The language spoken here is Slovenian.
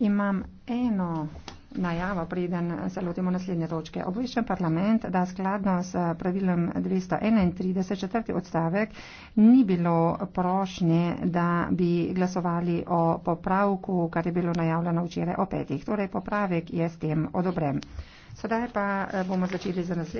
Imam eno najavo, preden se lotimo naslednje točke. Obveščam parlament, da skladno s pravilom 231. četrti odstavek ni bilo prošnje, da bi glasovali o popravku, kar je bilo najavljeno včeraj o petih. Torej, popravek je s tem odobrem. Sedaj pa eh, bomo začeli z naslednjim.